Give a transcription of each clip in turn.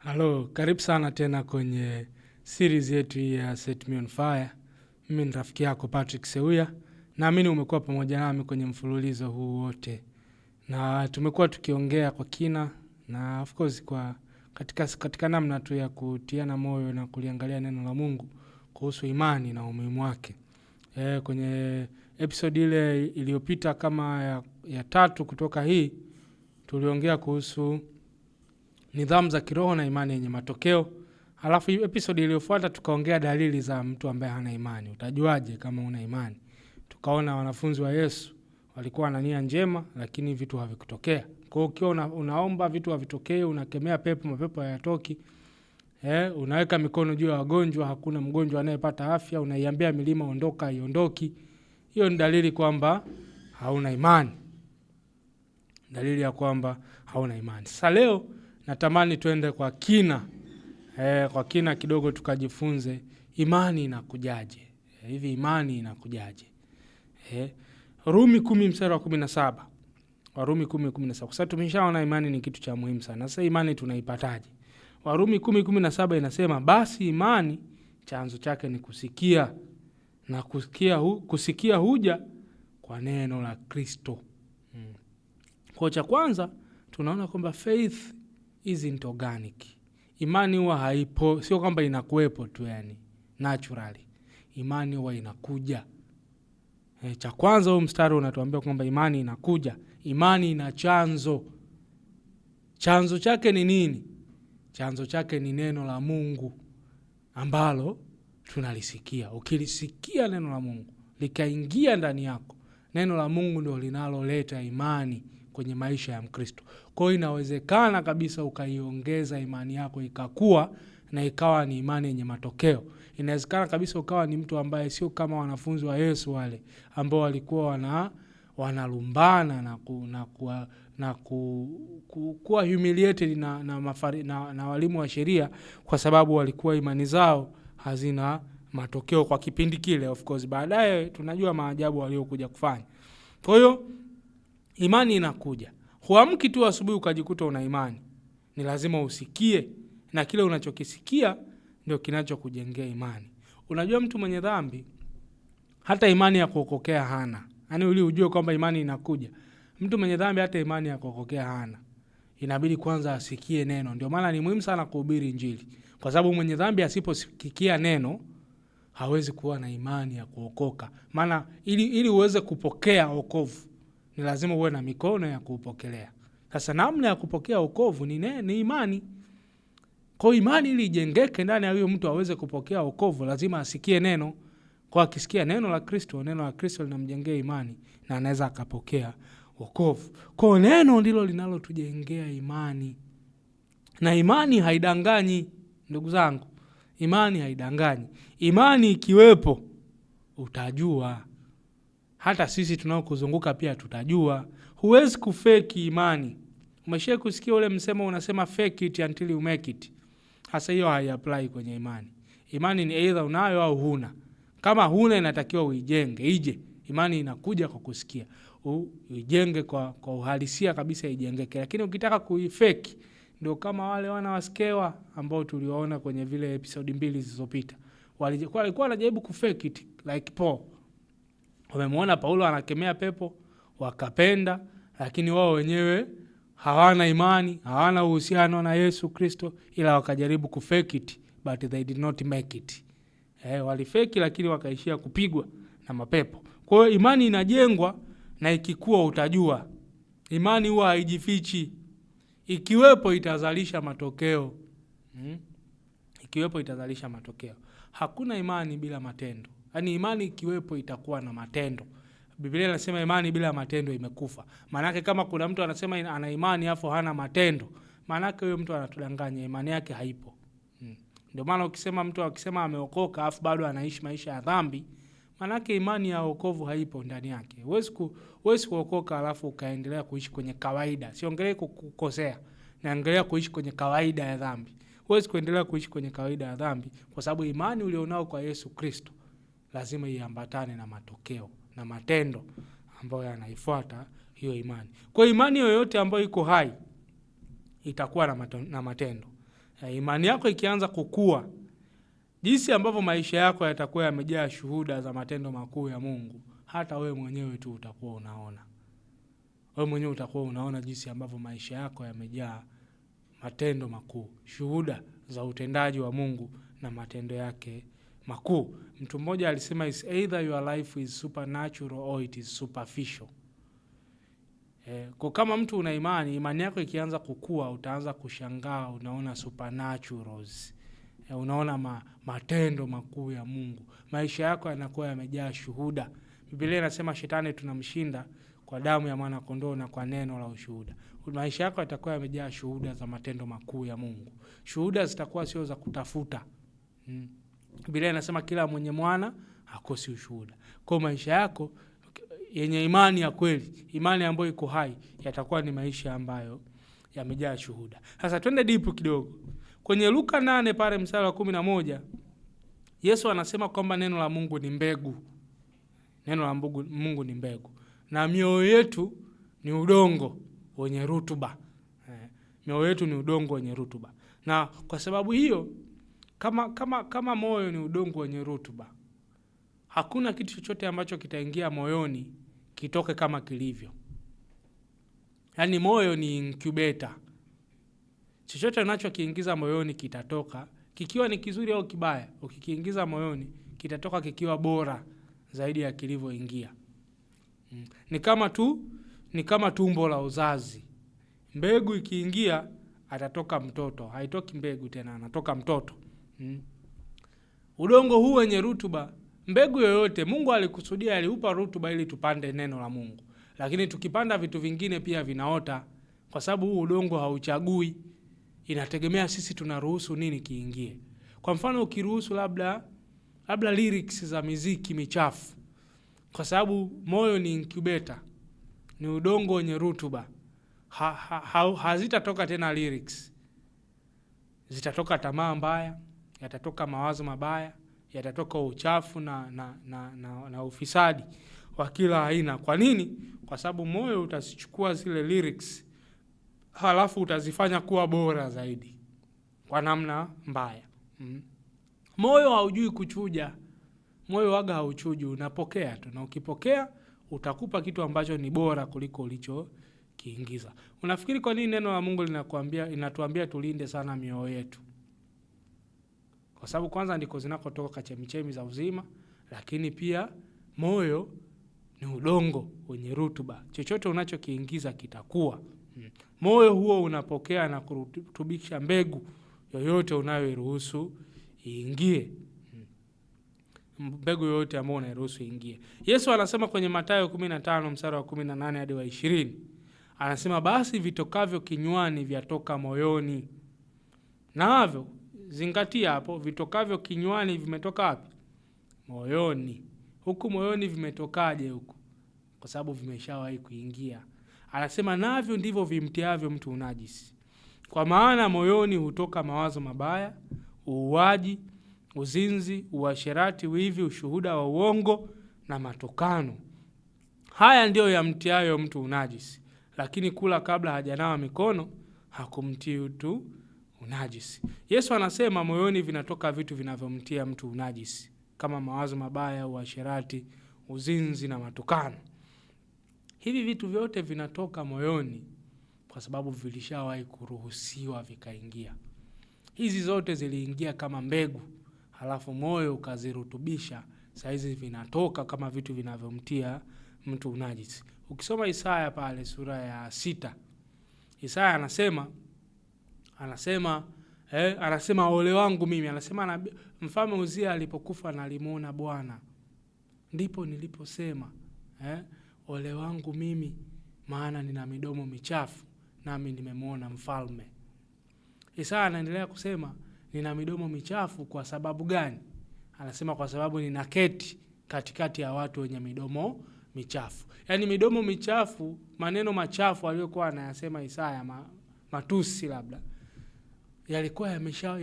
Halo, karibu sana tena kwenye series yetu hii ya Set Me On Fire. Mimi ni rafiki yako Patrick Seuya, naamini umekuwa pamoja nami kwenye mfululizo huu wote, na tumekuwa tukiongea kwa kina na of course kwa katika, katika namna tu ya kutiana moyo na kuliangalia neno la Mungu kuhusu imani na umuhimu wake. E, kwenye episode ile iliyopita kama ya, ya tatu kutoka hii tuliongea kuhusu nidhamu za kiroho na imani yenye matokeo. Alafu episodi iliyofuata tukaongea dalili za mtu ambaye hana imani. Utajuaje kama una imani? Tukaona wanafunzi wa Yesu walikuwa na nia njema, lakini vitu havikutokea. Kwa hiyo ukiwa una, unaomba vitu havitokee, unakemea pepo, mapepo hayatoki, eh, unaweka mikono juu ya wagonjwa, hakuna mgonjwa anayepata afya, unaiambia milima ondoka, iondoki. Hiyo ni dalili kwamba hauna imani, dalili ya kwamba hauna imani. Sasa leo natamani tuende kwa kina eh, kwa kina kidogo tukajifunze imani inakujaje eh, hivi imani inakujaje eh, Rumi kumi mstari wa kumi na saba Warumi kumi kumi na saba kwa sababu tumeshaona imani ni kitu cha muhimu sana. Sasa imani tunaipataje? Warumi kumi kumi na saba inasema basi imani chanzo chake ni kusikia na kusikia, hu, kusikia huja kwa neno la Kristo. Hmm. Kwa cha kwanza tunaona kwamba faith isn't organic. Imani huwa haipo, sio kwamba inakuwepo tu, yani naturally imani huwa inakuja. E, cha kwanza huu mstari unatuambia kwamba imani inakuja. Imani ina chanzo. Chanzo chake ni nini? Chanzo chake ni neno la Mungu ambalo tunalisikia. Ukilisikia neno la Mungu likaingia ndani yako, neno la Mungu ndio linaloleta imani kwenye maisha ya Mkristo. Kwa hiyo inawezekana kabisa ukaiongeza imani yako ikakua na ikawa ni imani yenye matokeo. Inawezekana kabisa ukawa ni mtu ambaye sio kama wanafunzi wa Yesu wale ambao walikuwa wana wanalumbana na, ku, na, kuwa, na ku, ku, kuwa humiliated na, na, mafari, na, na walimu wa sheria kwa sababu walikuwa imani zao hazina matokeo kwa kipindi kile. Of course baadaye tunajua maajabu waliokuja kufanya. Kwa hiyo imani inakuja Huamki tu asubuhi ukajikuta una imani, ni lazima usikie, na kile unachokisikia ndio kinachokujengea imani. Unajua mtu mwenye dhambi hata imani ya kuokokea hana, yaani uli ujue kwamba imani inakuja. Mtu mwenye dhambi hata imani ya kuokokea hana, inabidi kwanza asikie neno. Ndio maana ni muhimu sana kuhubiri Injili, kwa sababu mwenye dhambi asiposikikia neno hawezi kuwa na imani ya kuokoka. Maana ili, ili uweze kupokea okovu ni lazima uwe na mikono ya kuupokelea. Sasa namna ya kupokea wokovu ni, ni imani. Kwa imani ili ijengeke ndani ya huyo mtu aweze kupokea wokovu, lazima asikie neno. Kwa akisikia neno la Kristo, neno la Kristo linamjengea imani na anaweza akapokea wokovu. Kwa neno ndilo linalotujengea imani, na imani haidanganyi ndugu zangu, imani haidanganyi. Imani ikiwepo utajua hata sisi tunaokuzunguka pia tutajua. Huwezi kufeki imani. Umeshia kusikia ule msemo unasema fake it until you make it? Hasa hiyo haiapply kwenye imani. Imani ni either unayo au huna. Kama huna, inatakiwa uijenge ije. Imani inakuja kwa kusikia, uijenge kwa, kwa uhalisia kabisa, ijengeke. Lakini ukitaka kuifeki, ndio kama wale wana waskewa ambao tuliwaona kwenye vile episodi mbili zilizopita, walikuwa wanajaribu kufake it like Paul wamemwona Paulo anakemea pepo wakapenda, lakini wao wenyewe hawana imani, hawana uhusiano na Yesu Kristo, ila wakajaribu kufake it but they did not make it. Eh, walifeki lakini wakaishia kupigwa na mapepo. Kwa hiyo imani inajengwa na ikikua utajua. Imani huwa haijifichi, ikiwepo itazalisha matokeo hmm. Ikiwepo itazalisha matokeo. Hakuna imani bila matendo. Yaani imani ikiwepo itakuwa na matendo. Biblia inasema imani bila matendo imekufa. Maanake kama kuna mtu anasema ana imani afu hana matendo, maanake huyo mtu anatudanganya, imani yake haipo. Hmm. Ndio maana ukisema mtu akisema ameokoka afu bado anaishi maisha ya dhambi, maanake imani ya wokovu haipo ndani yake. Huwezi ku, huwezi kuokoka alafu ukaendelea kuishi kwenye kawaida. Siongelee kukosea, naongelea kuishi kwenye kawaida ya dhambi. Huwezi kuendelea kuishi kwenye kawaida ya dhambi kwa sababu imani ulionao kwa Yesu Kristo lazima iambatane na matokeo na matendo ambayo yanaifuata hiyo imani. Kwa imani yoyote ambayo iko hai itakuwa na, mato, na matendo. Ya imani yako ikianza kukua, jinsi ambavyo maisha yako yatakuwa yamejaa shuhuda za matendo makuu ya Mungu, hata wewe mwenyewe tu utakuwa unaona, wewe mwenyewe utakuwa unaona jinsi ambavyo maisha yako yamejaa matendo makuu, shuhuda za utendaji wa Mungu na matendo yake makuu. Mtu mmoja alisema is either your life is supernatural or it is superficial. Eh, kwa kama mtu una imani, imani yako ikianza kukua utaanza kushangaa, unaona supernaturals. Eh, unaona ma, matendo makuu ya Mungu, maisha yako yanakuwa yamejaa shuhuda. Biblia inasema shetani tunamshinda kwa damu ya mwana kondoo na kwa neno la ushuhuda. Maisha yako yatakuwa yamejaa shuhuda za matendo makuu ya Mungu. Shuhuda zitakuwa sio za kutafuta mm. Biblia inasema kila mwenye mwana hakosi ushuhuda. Kwa maisha yako yenye imani ya kweli, imani ambayo iko hai, yatakuwa ni maisha ambayo yamejaa shuhuda. Sasa twende dipu kidogo kwenye Luka nane pale mstari wa kumi na moja Yesu anasema kwamba neno la Mungu ni mbegu, neno la Mungu, Mungu ni mbegu na mioyo yetu ni udongo wenye rutuba. Eh, mioyo yetu ni udongo wenye rutuba, na kwa sababu hiyo kama, kama, kama moyo ni udongo wenye rutuba, hakuna kitu chochote ambacho kitaingia moyoni kitoke kama kilivyo. Yaani moyo ni incubator, chochote unachokiingiza moyoni kitatoka kikiwa ni kizuri au kibaya. Ukikiingiza moyoni kitatoka kikiwa bora zaidi ya kilivyoingia. Mm. Ni kama tu ni kama tumbo la uzazi, mbegu ikiingia atatoka mtoto, haitoki mbegu tena, anatoka mtoto. Hmm. Udongo huu wenye rutuba, mbegu yoyote Mungu alikusudia, aliupa rutuba ili tupande neno la Mungu, lakini tukipanda vitu vingine pia vinaota, kwa sababu huu udongo hauchagui, inategemea sisi tunaruhusu nini kiingie. Kwa mfano, ukiruhusu labda labda lyrics za miziki michafu, kwa sababu moyo ni incubator, ni udongo wenye rutuba ha, ha, ha, hazitatoka tena lyrics, zitatoka tamaa mbaya yatatoka mawazo mabaya, yatatoka uchafu na, na, na, na, na ufisadi wa kila aina. Kwa nini? Kwa sababu moyo utazichukua zile lyrics halafu utazifanya kuwa bora zaidi kwa namna mbaya mm. Moyo haujui kuchuja, moyo waga hauchuji, unapokea tu, na ukipokea utakupa kitu ambacho ni bora kuliko ulicho kiingiza. Unafikiri kwa nini neno la Mungu linakuambia, inatuambia tulinde sana mioyo yetu? kwa sababu kwanza ndiko zinakotoka kachemichemi za uzima, lakini pia moyo ni udongo wenye rutuba, chochote unachokiingiza kitakuwa. Hmm. Moyo huo unapokea na kurutubisha mbegu yoyote unayoiruhusu iingie hmm. mbegu yoyote ambayo unairuhusu iingie. Yesu anasema kwenye Mathayo 15 mstari wa 18 hadi wa 20, anasema basi vitokavyo kinywani vyatoka moyoni, navyo Zingatia hapo, vitokavyo kinywani vimetoka wapi? Moyoni. Huku moyoni vimetokaje huku? Kwa sababu vimeshawahi kuingia. Anasema navyo ndivyo vimtiavyo mtu unajisi, kwa maana moyoni hutoka mawazo mabaya, uuaji, uzinzi, uasherati, wivi, ushuhuda wa uongo na matokano. Haya ndiyo yamtiayo mtu unajisi, lakini kula kabla hajanawa mikono hakumtii tu unajisi. Yesu anasema moyoni vinatoka vitu vinavyomtia mtu unajisi kama mawazo mabaya, uasherati, uzinzi na matukano. Hivi vitu vyote vinatoka moyoni kwa sababu vilishawahi kuruhusiwa vikaingia. Hizi zote ziliingia kama mbegu, halafu moyo ukazirutubisha, sahizi vinatoka kama vitu vinavyomtia mtu unajisi. Ukisoma Isaya pale sura ya sita, Isaya anasema anasema eh, anasema ole wangu mimi, anasema mfalme Uzia alipokufa na alimuona Bwana, ndipo niliposema eh, ole wangu mimi, maana nina midomo michafu nami nimemwona mfalme. Isaya anaendelea kusema nina midomo michafu kwa sababu gani? Anasema kwa sababu nina keti katikati ya watu wenye midomo michafu. yani midomo michafu, maneno machafu aliyokuwa anayasema Isaya, ma, matusi labda yalikuwa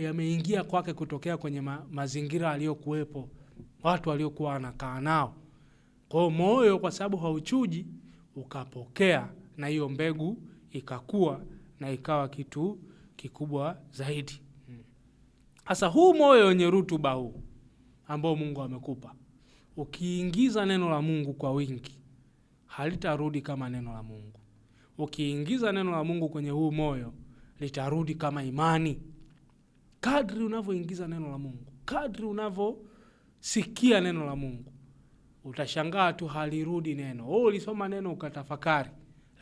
yameingia kwake kutokea kwenye ma, mazingira aliyokuwepo, watu waliokuwa wanakaa nao. Kwa moyo, kwa sababu hauchuji, ukapokea na hiyo mbegu ikakua na ikawa kitu kikubwa zaidi. hasa huu moyo wenye rutuba huu ambao Mungu amekupa, ukiingiza neno la Mungu kwa wingi, halitarudi kama neno la Mungu. Ukiingiza neno la Mungu kwenye huu moyo litarudi kama imani. Kadri unavyoingiza neno la Mungu, kadri unavyosikia neno la Mungu, utashangaa tu halirudi neno. Wewe ulisoma neno ukatafakari,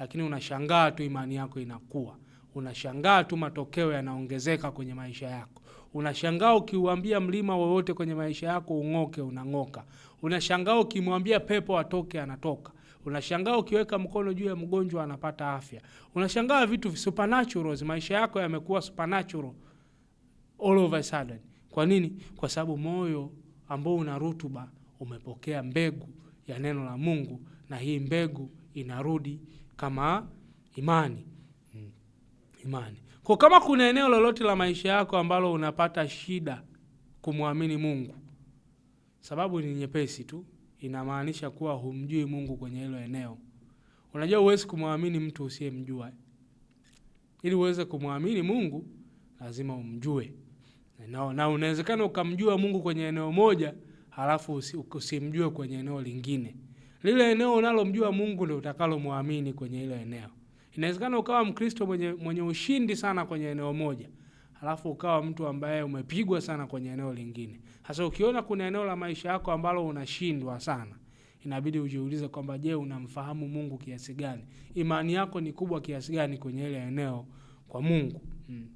lakini unashangaa tu imani yako inakuwa, unashangaa tu matokeo yanaongezeka kwenye maisha yako unashangaa ukiuambia mlima wowote kwenye maisha yako ung'oke, unang'oka. Unashangaa ukimwambia pepo atoke, anatoka. Unashangaa ukiweka mkono juu ya mgonjwa anapata afya. Unashangaa vitu supernatural, maisha yako yamekuwa supernatural all of a sudden. Kwa nini? Kwa sababu moyo ambao una rutuba umepokea mbegu ya neno la Mungu, na hii mbegu inarudi kama imani hmm. Imani kwa kama kuna eneo lolote la maisha yako ambalo unapata shida kumwamini Mungu, sababu ni nyepesi tu inamaanisha kuwa humjui Mungu kwenye hilo eneo. Unajua huwezi kumwamini mtu usiyemjua. Ili uweze kumwamini Mungu lazima umjue, na, na unawezekana ukamjua Mungu kwenye eneo moja halafu usimjue kwenye eneo lingine. Lile eneo unalomjua Mungu ndio utakalomwamini kwenye hilo eneo. Inawezekana ukawa Mkristo mwenye, mwenye ushindi sana kwenye eneo moja alafu ukawa mtu ambaye umepigwa sana kwenye eneo lingine. Sasa ukiona kuna eneo la maisha yako ambalo unashindwa sana, inabidi ujiulize kwamba je, unamfahamu Mungu kiasi gani? Imani yako ni kubwa kiasi gani kwenye ile eneo kwa Mungu? Hmm.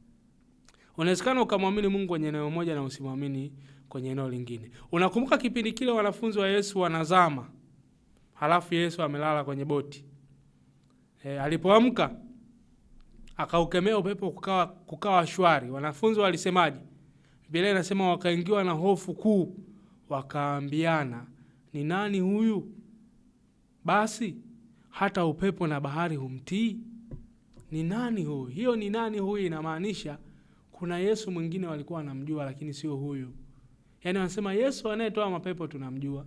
Unawezekana ukamwamini Mungu kwenye eneo moja na usimwamini kwenye eneo lingine. Unakumbuka kipindi kile wanafunzi wa Yesu wanazama, halafu Yesu amelala kwenye boti. E, alipoamka akaukemea upepo kukawa, kukawa shwari. Wanafunzi walisemaje? Biblia inasema wakaingiwa na hofu kuu, wakaambiana ni nani huyu? Basi hata upepo na bahari humtii. Ni nani huyu? Hiyo ni nani huyu inamaanisha kuna Yesu mwingine walikuwa wanamjua, lakini sio huyu. Yaani wanasema Yesu anayetoa mapepo tunamjua,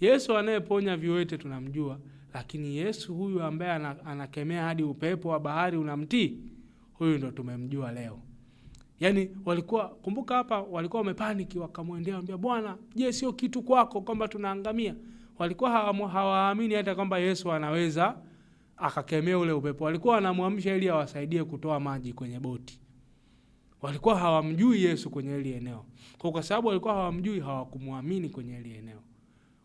Yesu anayeponya viwete tunamjua lakini Yesu huyu ambaye anakemea hadi upepo wa bahari unamtii, huyu ndo tumemjua leo. Yani walikuwa kumbuka, hapa walikuwa wamepaniki, wakamwendea wambia, Bwana, je, sio kitu kwako kwamba tunaangamia? Walikuwa hawaamini hata kwamba Yesu anaweza akakemea ule upepo. Walikuwa wanamwamsha ili awasaidie kutoa maji kwenye boti. Walikuwa hawamjui Yesu kwenye hili eneo, kwa sababu walikuwa hawamjui, hawakumwamini kwenye hili eneo.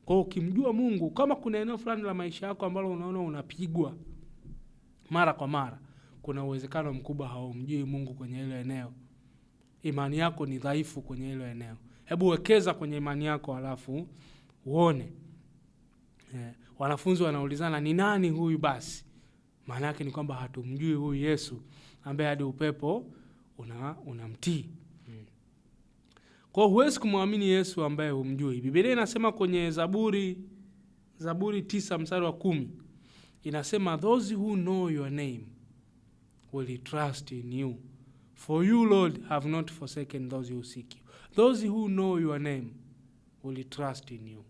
Kwa hiyo ukimjua Mungu, kama kuna eneo fulani la maisha yako ambalo unaona unapigwa mara kwa mara, kuna uwezekano mkubwa haumjui Mungu kwenye hilo eneo. Imani yako ni dhaifu kwenye hilo eneo. Hebu wekeza kwenye imani yako halafu uone. Eh, wanafunzi wanaulizana ni nani huyu basi? Maana yake ni kwamba hatumjui huyu Yesu ambaye hadi upepo unamtii una kwa huwezi kumwamini Yesu ambaye humjui. Biblia inasema kwenye Zaburi Zaburi tisa mstari wa kumi inasema those who know your name will trust in you for you Lord have not forsaken those who seek you. Those who know your name will trust in you,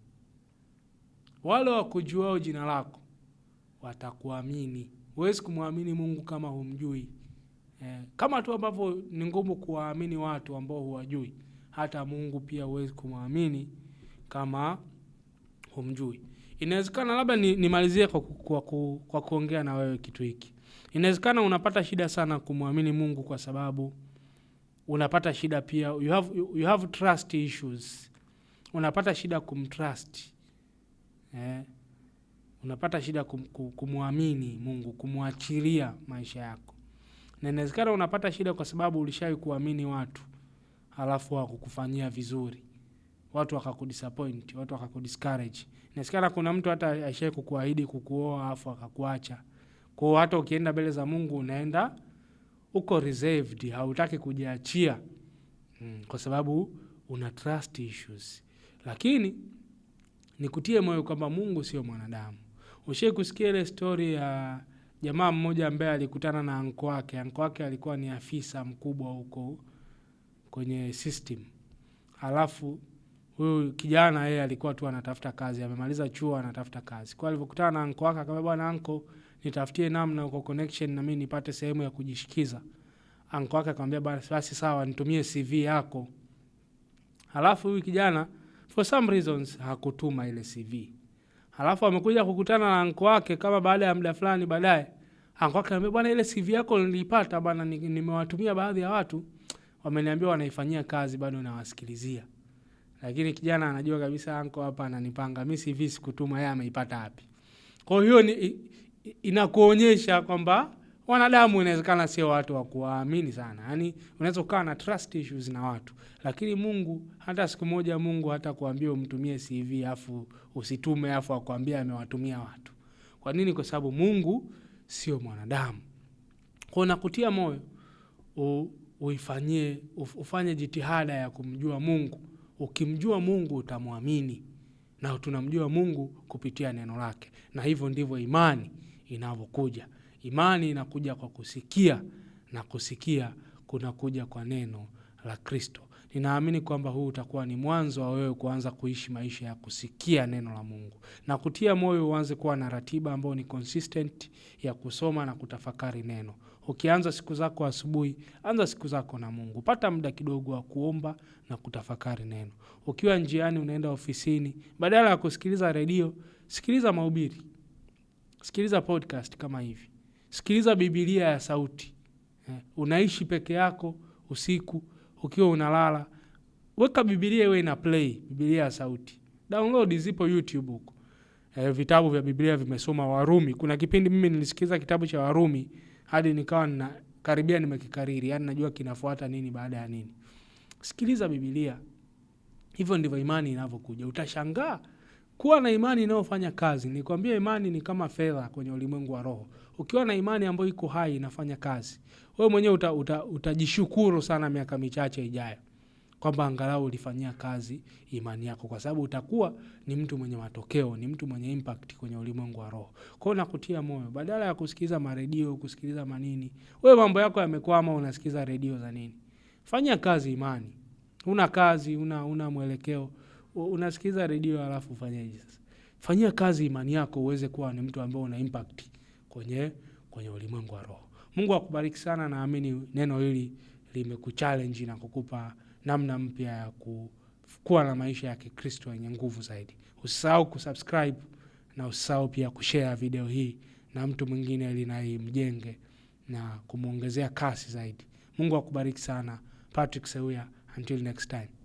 wale wakujuao jina lako watakuamini. Huwezi kumwamini Mungu kama humjui eh, kama tu ambavyo ni ngumu kuwaamini watu ambao huwajui hata Mungu pia uwezi kumwamini kama humjui. Inawezekana labda nimalizie ni kwa, kwa, kwa, kwa kuongea na wewe kitu hiki. Inawezekana unapata shida sana kumwamini Mungu kwa sababu unapata shida pia, you have, you have trust issues, unapata shida kumtrust eh, unapata shida kum, kumwamini Mungu, kumwachilia maisha yako, na inawezekana unapata shida kwa sababu ulishawahi kuamini watu halafu hawakukufanyia vizuri, watu wakakudisappoint, watu wakakudiscourage. Nasikana kuna mtu hata ashai kukuahidi kukuoa afu akakuacha. Kwa hata ukienda mbele za Mungu unaenda uko reserved, hautaki kujiachia mm, kwa sababu una trust issues. Lakini nikutie moyo kwamba Mungu sio mwanadamu. Ushai kusikia ile stori ya jamaa mmoja ambaye alikutana na anko wake. Anko wake alikuwa ni afisa mkubwa huko kwenye system. Alafu huyu kijana yeye alikuwa tu anatafuta kazi, amemaliza chuo anatafuta kazi. Kwa alivyokutana na anko wake akamwambia, bwana anko, nitafutie namna uko connection na mimi nipate sehemu ya kujishikiza. Anko wake akamwambia, basi sawa, nitumie CV yako. Alafu huyu kijana for some reasons hakutuma ile CV. Alafu amekuja kukutana na anko wake kama baada ya muda fulani baadaye. Anko wake anambia, bwana ile CV yako niliipata bwana, nimewatumia baadhi ya watu wameniambia wanaifanyia kazi bado nawasikilizia, lakini kijana anajua kabisa anko hapa ananipanga mi sivi sikutuma yeye ameipata hapi Kwa hiyo ni inakuonyesha kwamba wanadamu inawezekana sio watu wa kuwaamini sana, yani unaweza ukawa na trust issues na watu, lakini Mungu hata siku moja Mungu hata kuambia umtumie CV afu usitume afu akuambia amewatumia watu. Kwa nini? Kwa sababu Mungu sio mwanadamu. kwao nakutia moyo uifanyie ufanye jitihada ya kumjua Mungu. Ukimjua Mungu utamwamini, na tunamjua Mungu kupitia neno lake, na hivyo ndivyo imani inavyokuja. Imani inakuja kwa kusikia na kusikia kunakuja kwa neno la Kristo. Ninaamini kwamba huu utakuwa ni mwanzo wa wewe kuanza kuishi maisha ya kusikia neno la Mungu na kutia moyo, uanze kuwa na ratiba ambayo ni consistent ya kusoma na kutafakari neno. Ukianza siku zako asubuhi, anza siku zako na Mungu. Pata muda kidogo wa kuomba na kutafakari neno. Ukiwa njiani unaenda ofisini, badala ya kusikiliza redio, sikiliza mahubiri, sikiliza podcast kama hivi, sikiliza Bibilia ya sauti. Eh, Unaishi peke yako usiku, ukiwa unalala, weka Bibilia iwe ina play, Bibilia ya sauti. Download zipo YouTube huko. eh, vitabu vya Biblia vimesoma Warumi. Kuna kipindi mimi nilisikiliza kitabu cha Warumi hadi nikawa na karibia nimekikariri, yani najua kinafuata nini baada ya nini. Sikiliza Biblia, hivyo ndivyo imani inavyokuja. Utashangaa kuwa na imani inayofanya kazi. Nikwambia, imani ni kama fedha kwenye ulimwengu wa roho. Ukiwa na imani ambayo iko hai, inafanya kazi, wewe mwenyewe uta, uta, utajishukuru sana miaka michache ijayo kwamba angalau ulifanyia kazi imani yako, kwa sababu utakuwa ni mtu mwenye matokeo, ni mtu mwenye impact kwenye ulimwengu wa roho. Kwa hiyo nakutia moyo, badala ya kusikiliza maredio, kusikiliza manini, wewe mambo yako yamekwama, unasikiliza redio za nini? Fanya kazi imani. Una kazi, una, una mwelekeo, unasikiliza redio alafu ufanyeje sasa? Fanyia kazi imani yako uweze kuwa ni mtu ambaye una impact kwenye, kwenye ulimwengu wa roho. Mungu akubariki sana, naamini neno hili limekuchallenge na kukupa namna mpya ya kuwa na maisha ya Kikristo yenye nguvu zaidi. Usisahau kusubscribe na usisahau pia kushare video hii na mtu mwingine, linaimjenge na kumwongezea kasi zaidi. Mungu akubariki sana. Patrick Seuya, until next time.